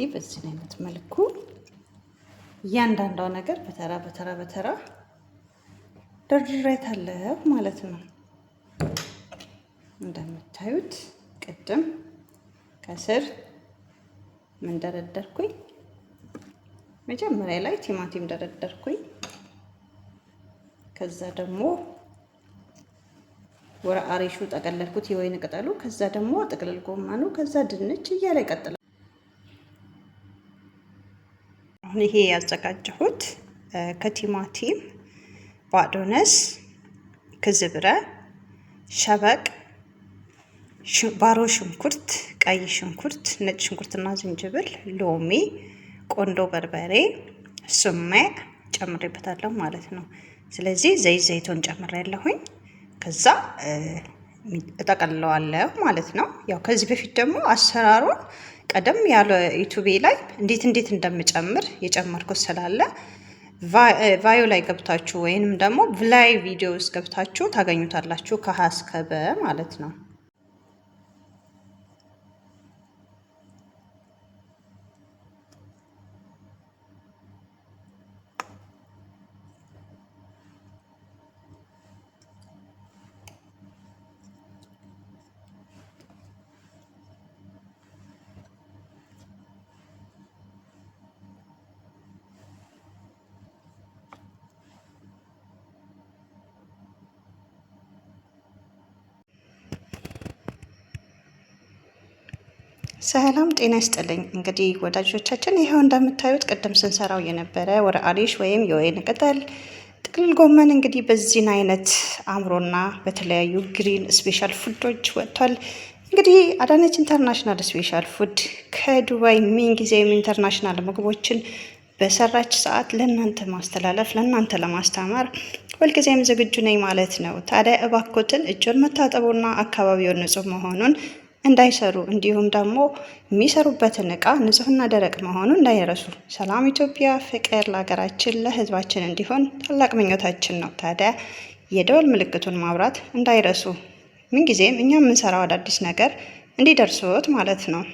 እንግዲህ በዚህ አይነት መልኩ እያንዳንዷ ነገር በተራ በተራ በተራ ደርድሬታለሁ ማለት ነው። እንደምታዩት ቅድም ከስር ምን ደረደርኩኝ? መጀመሪያ ላይ ቲማቲም ደረደርኩኝ። ከዛ ደግሞ ወረ አሬሹ ጠቀለልኩት የወይን ቅጠሉ። ከዛ ደግሞ ጥቅልል ነው ከዛ ድንች እያለ ይቀጥላል። አሁን ይሄ ያዘጋጀሁት ከቲማቲም፣ ባዶነስ፣ ክዝብረ፣ ሸበቅ፣ ባሮ ሽንኩርት፣ ቀይ ሽንኩርት፣ ነጭ ሽንኩርትና ዝንጅብል፣ ሎሚ፣ ቆንዶ በርበሬ ሱሜ ጨምሬበታለሁ ማለት ነው። ስለዚህ ዘይት ዘይቶን ጨምሬያለሁኝ ከዛ እጠቀልለዋለሁ ማለት ነው። ያው ከዚህ በፊት ደግሞ አሰራሩን ቀደም ያለ ዩቱቤ ላይ እንዴት እንዴት እንደምጨምር የጨመርኩ ስላለ ቫዮ ላይ ገብታችሁ ወይንም ደግሞ ቭላይ ቪዲዮ ውስጥ ገብታችሁ ታገኙታላችሁ ከሀ እስከ በ ማለት ነው። ሰላም ጤና ይስጥልኝ። እንግዲህ ወዳጆቻችን ይኸው እንደምታዩት ቅድም ስንሰራው የነበረ ወረ አሪሽ ወይም የወይን ቅጠል ጥቅልል ጎመን እንግዲህ በዚህን አይነት አምሮና በተለያዩ ግሪን ስፔሻል ፉዶች ወጥቷል። እንግዲህ አዳነች ኢንተርናሽናል ስፔሻል ፉድ ከዱባይ ምንጊዜም ኢንተርናሽናል ምግቦችን በሰራች ሰዓት ለእናንተ ማስተላለፍ ለእናንተ ለማስተማር ሁልጊዜም ዝግጁ ነኝ ማለት ነው። ታዲያ እባኮትን እጆን መታጠቡና አካባቢውን ንጹህ መሆኑን እንዳይሰሩ እንዲሁም ደግሞ የሚሰሩበትን እቃ ንጹህና ደረቅ መሆኑ እንዳይረሱ። ሰላም ኢትዮጵያ፣ ፍቅር ለሀገራችን ለህዝባችን እንዲሆን ታላቅ ምኞታችን ነው። ታዲያ የደወል ምልክቱን ማብራት እንዳይረሱ። ምንጊዜም እኛ የምንሰራው አዳዲስ ነገር እንዲደርሱት ማለት ነው።